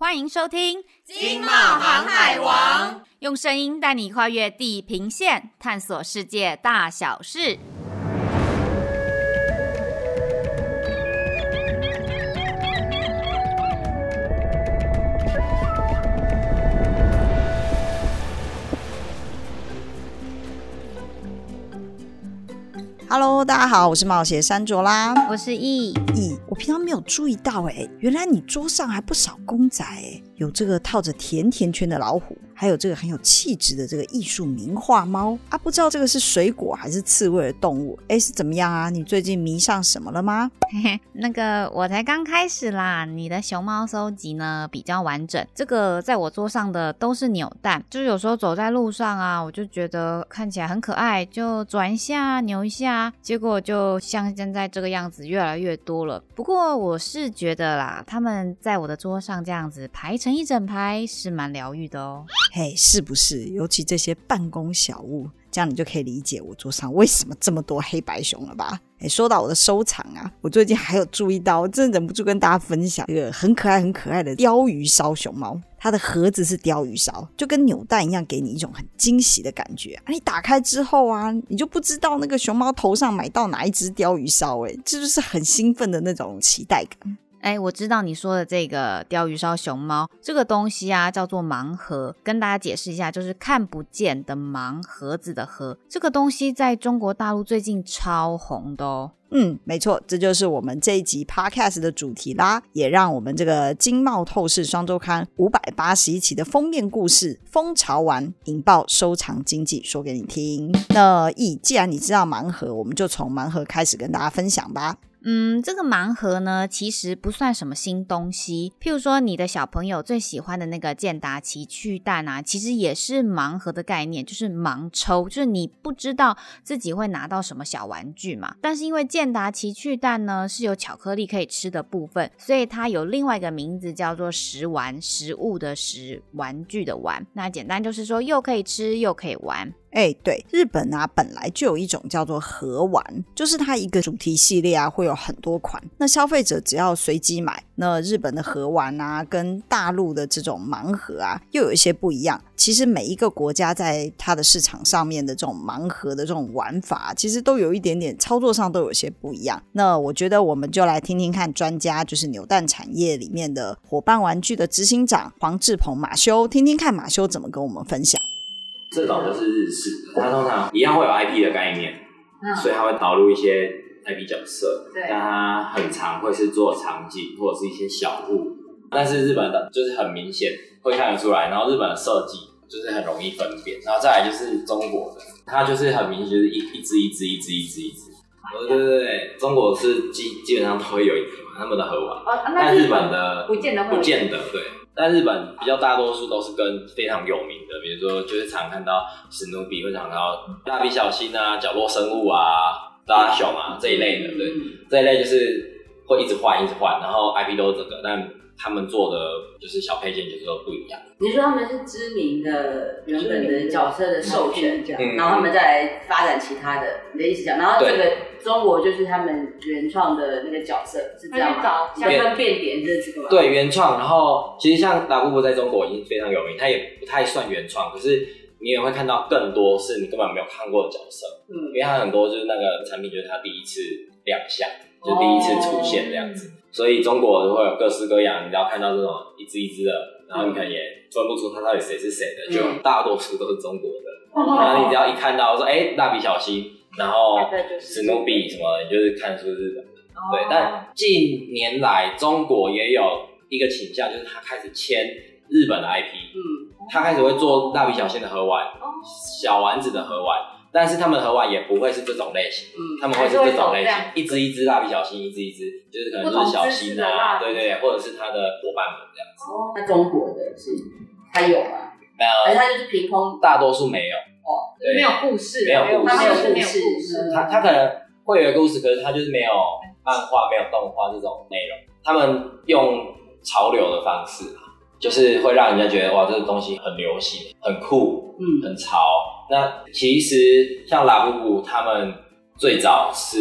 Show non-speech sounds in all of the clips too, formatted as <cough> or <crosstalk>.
歡迎收聽《經貿航海王》，用聲音帶你跨越地平線，探索世界大小事。Hello，大家好，我是冒險山卓拉，我是易易。我平常沒有注意到哎，原來你桌上還不少公仔哎。有這個套着甜甜圈的老虎，還有這個很有氣質的這個藝術名畫貓啊，不知道這個是水果還是刺蝟的動物。誒，是怎麼樣啊？你最近迷上什麼了嗎？嘿嘿，那個我才剛開始啦，你的熊貓收集呢比較完整。這個在我桌上的都是扭蛋，就是有時候走在路上啊，我就覺得看起來很可愛，就轉一下扭一下，結果就像現在這個樣子越來越多了。不過我是覺得啦，他們在我的桌上這樣子排成，整一整排是蠻療癒的哦，嘿，hey, 是不是？尤其這些辦公小物，這樣你就可以理解我桌上為什麼這麼多黑白熊了吧？誒、hey，說到我的收藏啊，我最近還有注意到，我真的忍不住跟大家分享一個很可愛、很可愛的鯛魚燒熊貓，它的盒子是鯛魚燒，就跟扭蛋一樣，給你一種很驚喜的感覺。你打開之後啊，你就不知道那個熊貓頭上買到哪一只鯛魚燒，欸，誒，這就是很興奮的那種期待感。哎，我知道你說的這個“鯛魚燒熊貓”這個東西啊，叫做盲盒。跟大家解釋一下，就是看不見的盲盒子的盒。這個東西在中國大陸最近超紅的哦。嗯，沒錯，這就是我們這一集 podcast 的主題啦。也讓我們這個《經貿透視雙週刊》五百八十一期的封面故事“風潮玩引爆收藏經濟”說給你聽。那易，既然你知道盲盒，我們就從盲盒開始跟大家分享吧。嗯，這個盲盒呢，其實不算什麼新東西。譬如說，你的小朋友最喜歡的那個健達奇趣蛋啊，其實也是盲盒的概念，就是盲抽，就是你不知道自己會拿到什麼小玩具嘛。但是因為健達奇趣蛋呢，是有巧克力可以吃的部分，所以它有另外一個名字叫做食玩，食物的食，玩具的玩。那簡單就是說，又可以吃，又可以玩。哎，對，日本啊，本來就有一種叫做盒玩，就是它一個主題系列啊，會有很多款。那消費者只要隨機買，那日本的盒玩啊，跟大陸的這種盲盒啊，又有一些不一樣。其實每一個國家在它的市場上面的這種盲盒的這種玩法啊，其實都有一點點操作上都有些不一樣。那我覺得我們就來聽聽看專家，就是扭蛋產業裡面的夥伴玩具的執行長黃志鵬馬修，聽聽看馬修怎麼跟我們分享。這種就是日式的，它通常一樣會有 IP 的概念，嗯、所以它會導入一些 IP 角色。對，但它很常會是做場景或者是一些小物。但是日本的就是很明顯會看得出來，然後日本的設計就是很容易分辨。然後再來就是中國的，它就是很明顯就是一一隻一隻一隻一隻一隻。對對對，中國是基基本上都會有一個嘛，他們的喝完。但、哦、那日本的不見得，不見得，不見得，對。但日本比較大多數都是跟非常有名的。比如說就是常看到史努比，會常看到蠟筆小新啊、角落生物啊、大熊啊這一類的，對，這一類就是會一直換，一直換，然後 IP 都是這個，但。他們做的就是小配件，就是都不一樣。你說他們是知名的原本的角色的授權，這樣，然後他們再來發展其他的。你的意思講，然後這個中國就是他們原創的那個角色是這樣嗎？相分別點，這是對對原創，然後其實像拉布布在中國已經非常有名，他也不太算原創，可是你也會看到更多是你根本沒有看過的角色，嗯，因為他很多就是那個產品就是他第一次亮相。就第一次出現這樣子，所以中國會有各式各樣，你只要看到這種一隻一隻的，然後你可能也分不出它到底誰是誰的，就大多數都是中國的。然後你只要一看到說哎、欸，蠟筆小新，然後史努比什麼，你就是看出日本的。對，但近年來中國也有一個傾向，就是他開始簽日本的 IP，嗯，他開始會做蠟筆小新的盒玩，小丸子的盒玩。但是他們盒玩也不會是這種類型，他們會是這種類型，一隻一隻蠟筆小新，一隻一隻，就是可能就是小新啊，對對，或者是他的夥伴們這樣子。那中國的是他有嗎？沒有，而且它就是憑空，大多數沒有哦，沒有故事，沒有故事，沒有故事，它可能會有故事，可是它就是沒有漫畫，沒有動畫這種內容。他們用潮流的方式，就是會讓人家覺得哇，這個東西很流行，很酷，嗯，很潮。那其實像拉 b u 他們最早是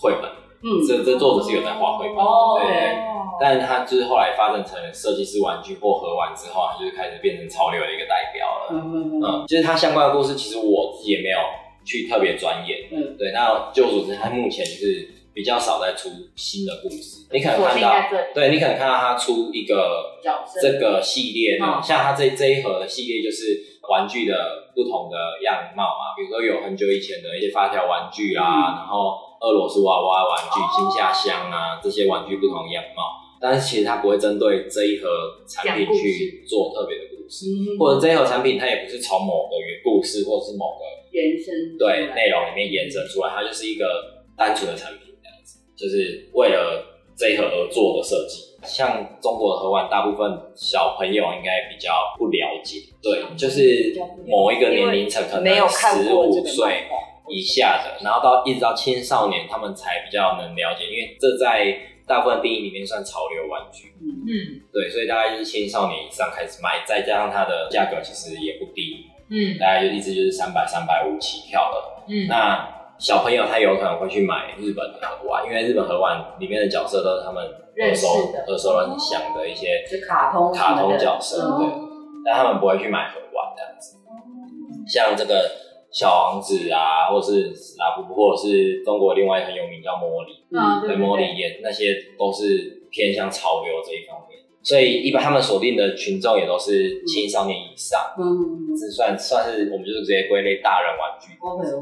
繪本，嗯，這這作者是有在畫繪本，哦、對。哦、但是他就是後來發展成設計師玩具或合完之後，他就是開始變成潮流的一個代表了。嗯嗯嗯。嗯嗯，其實他相關的故事，其實我自己也沒有去特別專研。嗯，對。那就主之他目前就是比較少在出新的故事，你可能看到，對，你可能看到他出一個這個系列的，嗯、像他這這一盒的系列就是。玩具的不同的樣貌嘛，比如說有很久以前的一些發條玩具啊，嗯、然後俄羅斯娃娃玩具、驚嚇、啊、箱啊這些玩具不同樣貌，但是其實它不會針對這一盒產品去做特別的故事，故事或者這一盒產品它也不是從某個原故事或是某個原生對內容裡面延伸出來，它就是一個單純的產品這樣子，就是為了這一盒而做的設計。像中國的盒玩，大部分小朋友應該比較不了解。對，就是某一個年齡層，可能十五歲以下的，然後到一直到青少年，他們才比較能了解，因為這在大部分定義裡面算潮流玩具，嗯嗯，對，所以大概就是青少年以上開始買，再加上它的價格其實也不低，嗯，大概就一直就是三百三百五起跳了，嗯，那。小朋友他有可能會去買日本盒玩，因為日本盒玩裡面的角色都是他們二手的，或人想的一些，是卡通卡通角色對。嗯、但他們不會去買盒玩這樣子，嗯、像這個小王子啊，或是拉布布，或者是中國另外一個很有名叫莫莉，嗯、對，莫莉也那些都是偏向潮流這一方面，所以一般他們鎖定的群眾也都是青少年以上，嗯，這算算是我們就是直接歸類大人玩具。Okay.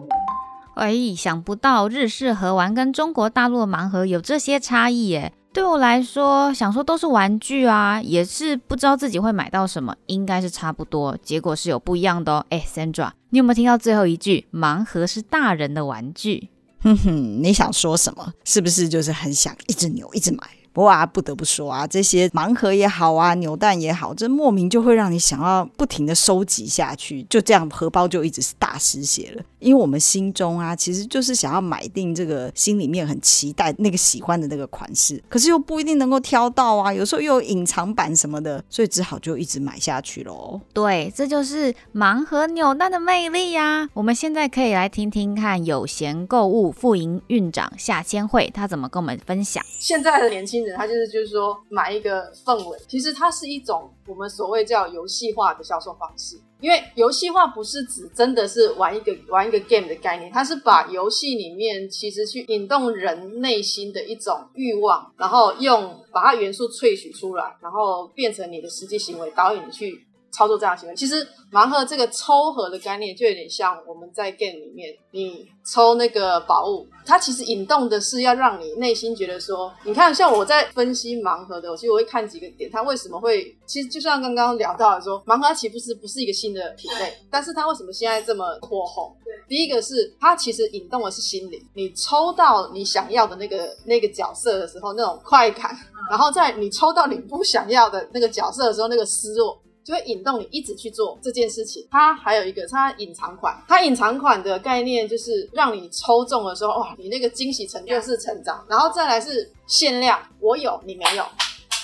欸，想不到日式盒玩跟中國大陸的盲盒有這些差異耶。對我來說，想說都是玩具啊，也是不知道自己會買到什麼，應該是差不多。結果是有不一樣的哦。欸，Sandra，你有沒有聽到最後一句？盲盒是大人的玩具。哼哼，你想說什麼？是不是就是很想一直扭一直買？哇，不得不說啊，這些盲盒也好啊，扭蛋也好，這莫名就會讓你想要不停的收集下去，就這樣荷包就一直是大失血了。因為我們心中啊，其實就是想要買定這個心裡面很期待那個喜歡的那個款式，可是又不一定能夠挑到啊，有時候又有隱藏版什麼的，所以只好就一直買下去嘍。對，這就是盲盒扭蛋的魅力呀，啊。我們現在可以來聽聽看有閒購物副營運長夏千惠她怎麼跟我們分享現在的年輕人。它就是，就是說買一個氛圍，其實它是一種我們所謂叫遊戲化的銷售方式。因為遊戲化不是指真的是玩一個玩一個 game 的概念，它是把遊戲裡面其實去引動人內心的一種慾望，然後用把它元素萃取出來，然後變成你的實際行為，導演你去操作這樣行為，其實盲盒這個抽盒的概念就有點像我們在 game 裡面，你抽那個寶物，它其實引動的是要讓你內心覺得說，你看，像我在分析盲盒的，我其實我會看幾個點，它為什麼會，其實就像剛剛聊到的說，盲盒它其實不是，不是一個新的品類，但是它為什麼現在這麼火紅？對，第一個是它其實引動的是心理，你抽到你想要的那個那個角色的時候那種快感，然後在你抽到你不想要的那個角色的時候那個失落。就會引動你一直去做這件事情。它還有一個它隱藏款，它隱藏款的概念就是讓你抽中的時候，哇，你那個驚喜成就，是成長，然後再來是限量，我有你沒有，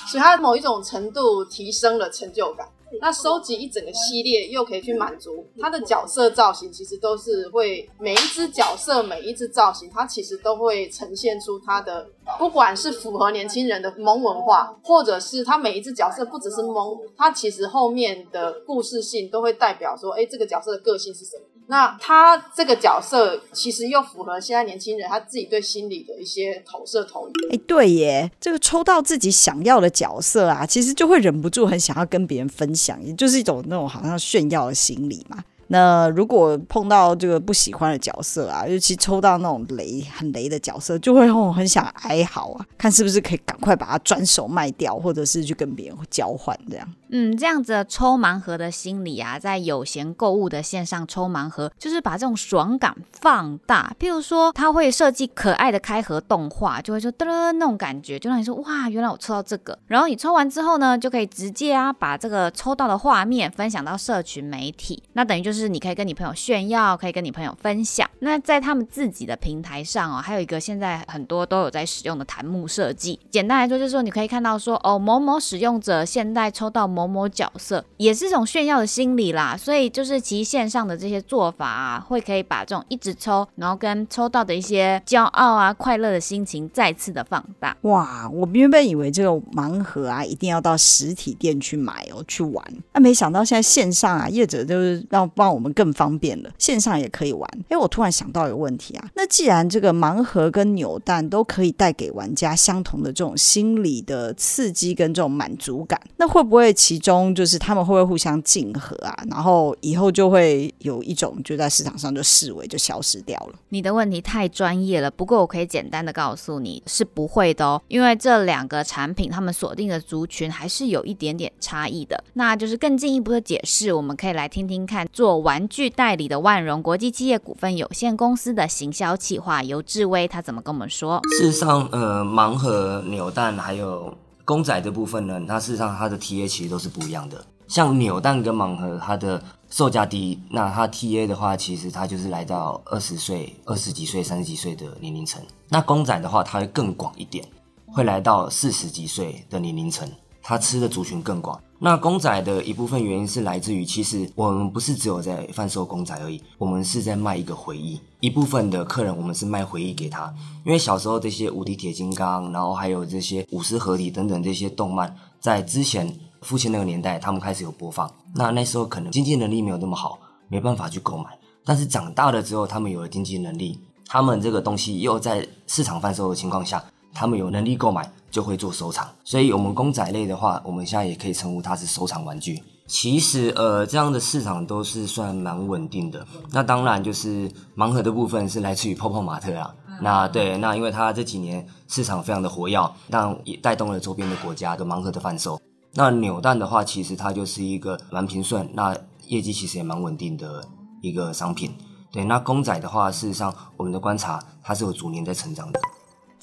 所以它某一種程度提升了成就感。那收集一整個系列又可以去滿足它的角色造型，其實都是會每一隻角色每一隻造型，它其實都會呈現出它的。不管是符合年輕人的萌文化，或者是他每一隻角色不只是萌，他其實後面的故事性都會代表說，哎，這個角色的個性是什麼？那他這個角色其實又符合現在年輕人他自己對心理的一些投射、投影。哎，對耶，這個抽到自己想要的角色啊，其實就會忍不住很想要跟別人分享，也就是一種那種好像炫耀的心理嘛。那如果碰到這個不喜歡的角色啊，尤其抽到那種雷很雷的角色，就會讓我很想哀嚎啊！看是不是可以趕快把它轉手賣掉，或者是去跟別人交換這樣。嗯，這樣子的抽盲盒的心理啊，在有閒購物的線上抽盲盒，就是把這種爽感放大。譬如說，他會設計可愛的開盒動畫，就會說“噔噔”，那種感覺就讓你說“哇，原來我抽到這個”。然後你抽完之後呢，就可以直接啊把這個抽到的畫面分享到社群媒體，那等於就是。你可以跟你朋友炫耀，可以跟你朋友分享。那在他們自己的平台上哦，還有一個現在很多都有在使用的彈幕設計。簡單來說就是說，你可以看到說哦，某某使用者現在抽到某某角色，也是一種炫耀的心理啦。所以就是其實線上的這些做法啊，會可以把這種一直抽，然後跟抽到的一些驕傲啊、快樂的心情再次的放大。哇，我原本以為這個盲盒啊，一定要到實體店去買哦，去玩。那沒想到現在線上啊，業者就是讓包。讓我們更方便了，線上也可以玩。哎，我突然想到一個問題啊，那既然這個盲盒跟扭蛋都可以帶給玩家相同的這種心理的刺激跟這種滿足感，那會不會其中就是他們會不會互相競合啊？然後以後就會有一種就在市場上就視為就消失掉了？你的問題太專業了，不過我可以簡單的告訴你是不會的哦，因為這兩個產品他們鎖定的族群還是有一點點差異的。那就是更進一步的解釋，我們可以來聽聽看做。玩具代理的萬榮國際企業股份有限公司的行銷企劃由志威，他怎麼跟我們說？事實上，呃，盲盒、扭蛋還有公仔的部分呢，它事實上它的 TA 其實都是不一樣的。像扭蛋跟盲盒，它的售價低，那它 TA 的話，其實它就是來到二十歲、二十幾歲、三十幾歲的年齡層。那公仔的話，它會更廣一點，會來到四十幾歲的年齡層。他吃的族群更廣。那公仔的一部分原因是來自於，其實我們不是只有在販售公仔而已，我們是在賣一個回憶。一部分的客人，我們是賣回憶給他，因為小時候這些無敵鐵金剛，然後還有這些五獅合體等等這些動漫，在之前父親那個年代，他們開始有播放。那那時候可能經濟能力沒有那麼好，沒辦法去購買。但是長大了之後，他們有了經濟能力，他們這個東西又在市場販售的情況下。他們有能力購買就會做收藏，所以我們公仔類的話，我們現在也可以稱呼它是收藏玩具。其實，呃，這樣的市場都是算蠻穩定的。嗯、那當然就是盲盒的部分是來自於泡泡瑪特啦、啊。嗯、那對，那因為它這幾年市場非常的活躍，但也帶動了周邊的國家的盲盒的販售。那扭蛋的話，其實它就是一個蠻平順，那業績其實也蠻穩定的，一個商品。對，那公仔的話，事實上我們的觀察，它是有逐年在成長的。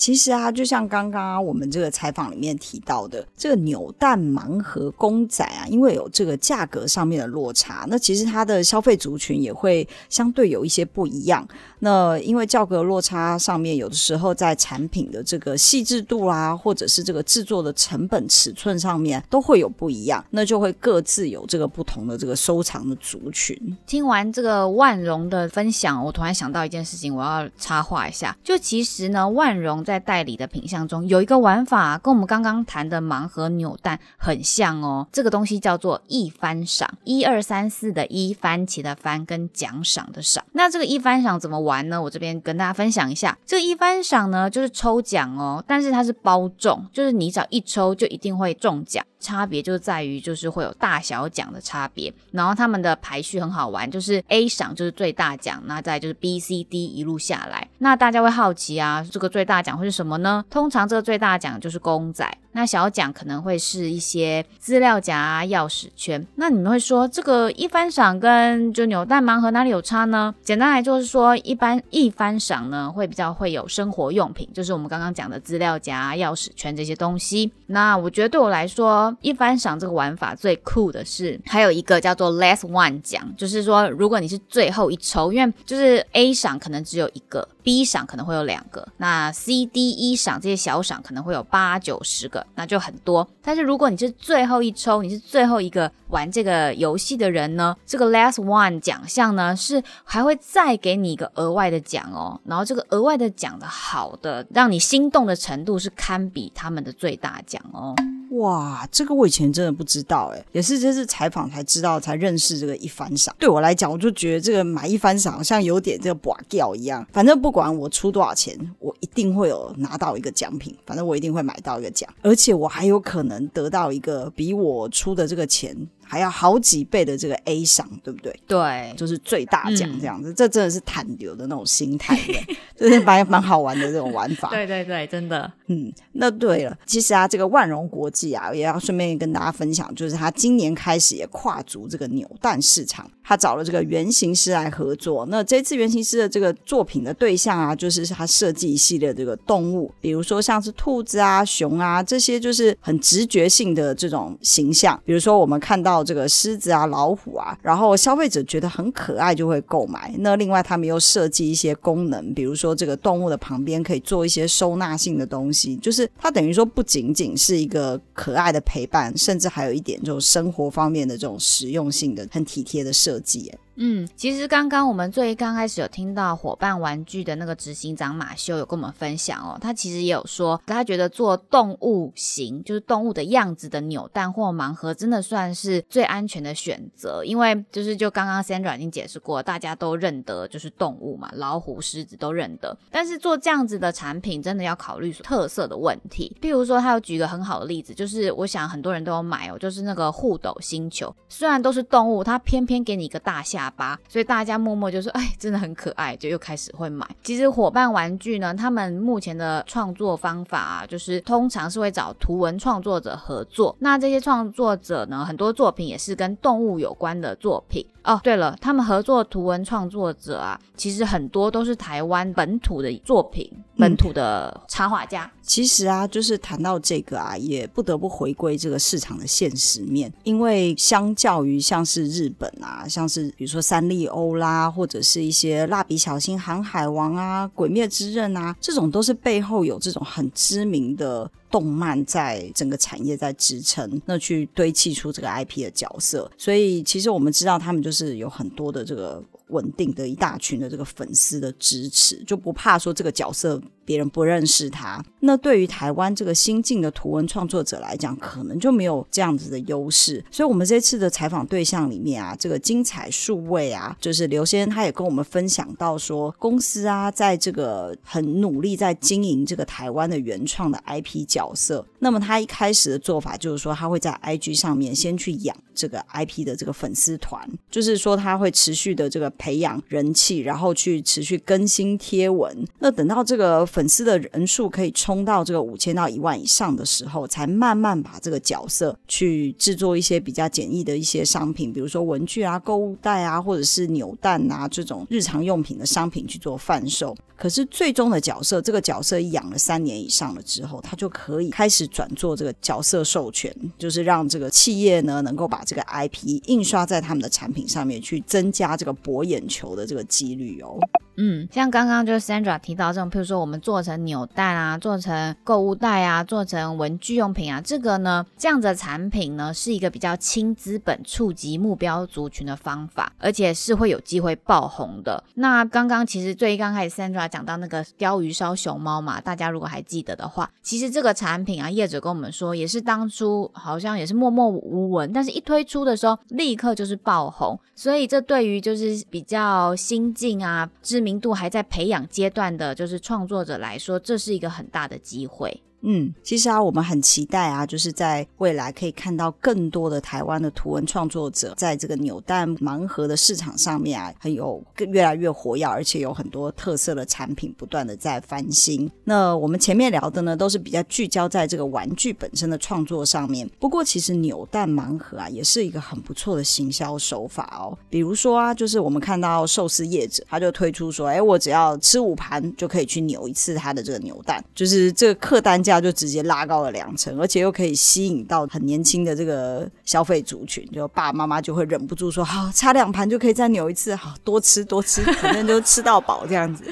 其實啊，就像剛剛我們這個採訪裡面提到的，這個扭蛋盲盒公仔啊，因為有這個價格上面的落差，那其實它的消費族群也會相對有一些不一樣。那因為價格落差上面，有的時候在產品的這個細緻度啦、啊，或者是這個製作的成本、尺寸上面都會有不一樣，那就會各自有這個不同的這個收藏的族群。聽完這個萬榮的分享，我突然想到一件事情，我要插話一下，就其實呢，萬榮在。在代理的品相中有一個玩法，啊，跟我們剛剛談的盲盒扭蛋很像哦。這個東西叫做一番賞，一二三四的一番，番茄的番跟獎賞的賞。那這個一番賞怎麼玩呢？我這邊跟大家分享一下，這個一番賞呢就是抽獎哦，但是它是包中，就是你只要一抽就一定會中獎。差別就在於就是會有大小獎的差別，然後他們的排序很好玩，就是 A 賞就是最大獎，那再就是 B、C、D 一路下來。那大家會好奇啊，這個最大獎。是什麼呢？通常這個最大獎就是公仔，那小獎可能會是一些資料夾、鑰匙圈。那你們會說這個一番賞跟就扭蛋盲盒哪裡有差呢？簡單來就是說，一般一番賞呢會比較會有生活用品，就是我們剛剛講的資料夾、鑰匙圈這些東西。那我覺得對我來說，一番賞這個玩法最酷的是還有一個叫做 last one 獎，就是說如果你是最後一抽，因為就是 A 賞可能只有一個，B 賞可能會有兩個，那 C 一滴一賞，這些小賞可能會有八九十個，那就很多。但是如果你是最後一抽，你是最後一個玩這個遊戲的人呢，這個 last one 獎項呢是還會再給你一個額外的獎哦。然後這個額外的獎的好的，讓你心動的程度是堪比他們的最大獎哦。哇，這個我以前真的不知道誒，也是這次採訪才知道，才認識這個一番賞。對我來講，我就覺得這個買一番賞好像有點這個保釣一樣，反正不管我出多少錢，我一定會有拿到一個獎品，反正我一定會買到一個獎，而且我還有可能得到一個比我出的這個錢還要好幾倍的這個 A 賞，對不對？對，就是最大獎這樣子。嗯、這真的是坦流的那種心態的，對 <laughs> 就是蠻蠻好玩的這種玩法。 <laughs> 對對對，真的。嗯，那對了，其實啊，這個萬榮國際啊，也要順便跟大家分享，就是他今年開始也跨足這個扭蛋市場，他找了這個原型師來合作。嗯、那這次原型師的這個作品的對象啊，就是他設計一系列這個動物，比如說像是兔子啊、熊啊這些，就是很直覺性的這種形象。比如說我們看到。這個獅子啊、老虎啊，然後消費者覺得很可愛，就會購買。那另外，他們又設計一些功能，比如說這個動物的旁邊可以做一些收納性的東西，就是它等於說不僅僅是一個可愛的陪伴，甚至還有一點這種生活方面的這種實用性的、很體貼的設計。嗯，其實剛剛我們最剛開始有聽到夥伴玩具的那個執行長馬修有跟我們分享哦，他其實也有說，他覺得做動物型，就是動物的樣子的扭蛋或盲盒，真的算是最安全的選擇，因為就是就剛剛 Sandra 已經解釋過，大家都認得就是動物嘛，老虎、獅子都認得，但是做這樣子的產品，真的要考慮特色的問題。譬如說，他有舉一個很好的例子，就是我想很多人都有買哦，就是那個戽斗星球，雖然都是動物，它偏偏給你一個大象。啞巴，所以大家默默就說：“哎，真的很可愛。”就又開始會買。其實夥伴玩具呢，他們目前的創作方法啊，就是通常是會找圖文創作者合作。那這些創作者呢，很多作品也是跟動物有關的作品。哦，對了，他們合作圖文創作者啊，其實很多都是台灣本土的作品，本土的插畫家。嗯其實啊，就是談到這個啊，也不得不回歸這個市場的現實面，因為相較於像是日本啊，像是比如說三麗鷗啦，或者是一些蠟筆小新、航海王啊、鬼滅之刃啊，這種都是背後有這種很知名的動漫在整個產業在支撐，那去堆砌出這個 IP 的角色。所以其實我們知道，他們就是有很多的這個穩定的一大群的這個粉絲的支持，就不怕說這個角色，別人不認識他，那對於台灣這個新進的圖文創作者來講，可能就沒有這樣子的優勢。所以，我們這次的採訪對象裡面啊，這個精彩數位啊，就是劉先生他也跟我們分享到說，公司啊，在這個很努力在經營這個台灣的原創的 IP 角色。那麼，他一開始的做法就是說，他會在 IG 上面先去養這個 IP 的這個粉絲團，就是說他會持續的這個培養人氣，然後去持續更新貼文。那等到這個粉絲粉絲的人數可以衝到這個五千到一萬以上的時候，才慢慢把這個角色去制作一些比較簡易的一些商品，比如說文具啊、購物袋啊，或者是扭蛋啊這種日常用品的商品去做販售。可是最終的角色，這個角色養了三年以上了之後，他就可以開始轉做這個角色授權，就是讓這個企業呢能夠把這個 IP 印刷在他們的產品上面，去增加這個博眼球的這個幾率哦。嗯，像剛剛就是 Sandra 提到這種，譬如說我們做成扭蛋啊，做成購物袋啊，做成文具用品啊，這個呢這樣子的產品呢是一個比較輕資本觸及目標族群的方法，而且是會有機會爆紅的。那剛剛其實最一剛開始 Sandra。講到那個鯛魚燒熊貓嘛，大家如果還記得的話，其實這個產品啊，業者跟我們說，也是當初好像也是默默無聞，但是一推出的時候，立刻就是爆紅。所以這對於就是比較新進啊、知名度還在培養階段的，就是創作者來說，這是一個很大的機會。嗯，其實啊，我們很期待啊，就是在未來可以看到更多的台灣的圖文創作者在這個扭蛋盲盒的市場上面啊，很有越來越活躍，而且有很多特色的產品不斷的在翻新。那我們前面聊的呢，都是比較聚焦在這個玩具本身的創作上面。不過，其實扭蛋盲盒啊，也是一個很不錯的行銷手法哦。比如說啊，就是我們看到壽司業者，他就推出說，哎，我只要吃五盤就可以去扭一次他的這個扭蛋，就是這個客單價，價就直接拉高了兩成，而且又可以吸引到很年輕的這個消費族群，就爸爸媽媽就會忍不住說：“好、哦，差兩盤就可以再扭一次，好多吃多吃，反正就吃到飽這樣子。”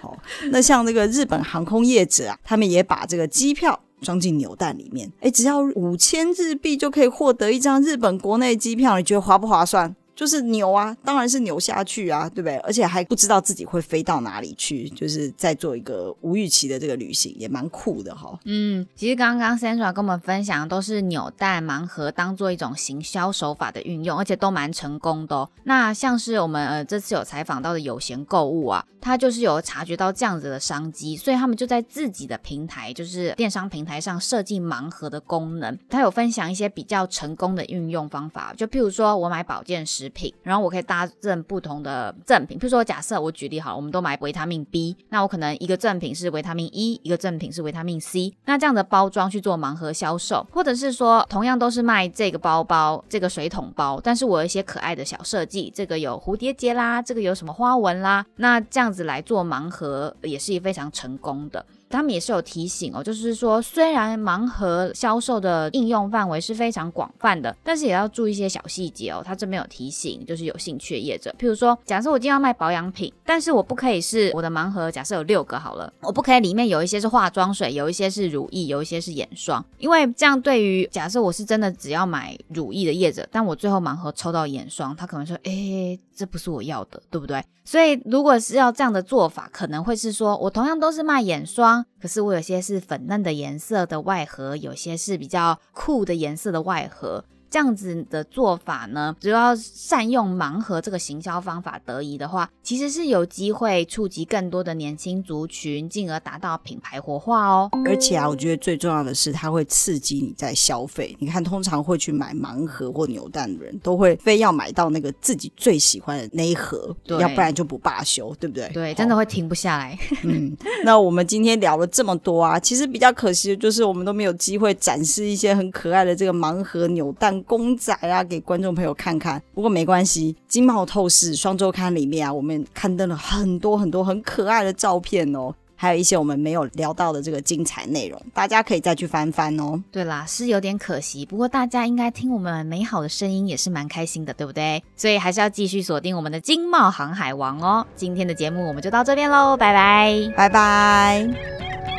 好、 <laughs> 哦，那像這個日本航空業者啊，他們也把這個機票裝進扭蛋裡面，哎，只要五千日幣就可以獲得一張日本國內機票，你覺得划不划算？就是牛啊，當然是牛下去啊，對不對？而且還不知道自己會飛到哪裡去，就是在做一個無預期的這個旅行，也蠻酷的哈、哦。嗯，其實剛剛 Sandra 跟我們分享，都是扭蛋盲盒當做一種行銷手法的運用，而且都蠻成功的、哦。那像是我們呃這次有採訪到的有閒購物啊，它就是有察覺到這樣子的商機，所以他們就在自己的平台，就是電商平台上設計盲盒的功能。他有分享一些比較成功的運用方法，就譬如說我買保健食。食品，然後我可以搭贈不同的贈品，比如說假設我舉例好，我們都買維他命 B，那我可能一個贈品是維他命 E，一個贈品是維他命 C，那這樣的包裝去做盲盒銷售，或者是說同樣都是賣這個包包、這個水桶包，但是我有一些可愛的小設計，這個有蝴蝶結啦，這個有什麼花紋啦，那這樣子來做盲盒也是非常成功的。他們也是有提醒哦，就是說雖然盲盒銷售的應用範圍是非常廣泛的，但是也要注意一些小細節哦。他這邊有提醒，就是有興趣的業者，譬如說假設我今天要賣保養品，但是我不可以是我的盲盒，假設有六個好了，我不可以裡面有一些是化妝水，有一些是乳液，有一些是眼霜，因為這樣對於假設我是真的只要買乳液的業者，但我最後盲盒抽到眼霜，他可能說，誒、欸，這不是我要的，對不對？所以如果是要這樣的做法，可能會是說我同樣都是賣眼霜。可是我有些是粉嫩的顏色的外盒，有些是比較酷的顏色的外盒。這樣子的做法呢，只要善用盲盒這個行銷方法得宜的話，其實是有機會觸及更多的年輕族群，進而達到品牌活化哦。而且啊，我覺得最重要的是，它會刺激你在消費。你看，通常會去買盲盒或扭蛋的人都會非要買到那個自己最喜歡的那一盒，對要不然就不罷休，對不對？對，好真的會停不下來。 <laughs> 嗯，那我們今天聊了這麼多啊，其實比較可惜的就是我們都沒有機會展示一些很可愛的這個盲盒扭蛋。公仔啊，給觀眾朋友看看。不過沒關係，《經貿透視雙週刊》裡面啊，我們刊登了很多很多很可愛的照片哦，還有一些我們沒有聊到的這個精彩內容，大家可以再去翻翻哦。對啦，是有點可惜，不過大家應該聽我們美好的聲音也是蠻開心的，對不對？所以還是要繼續鎖定我們的《經貿航海王》哦。今天的節目我們就到這邊嘍，拜拜，拜拜。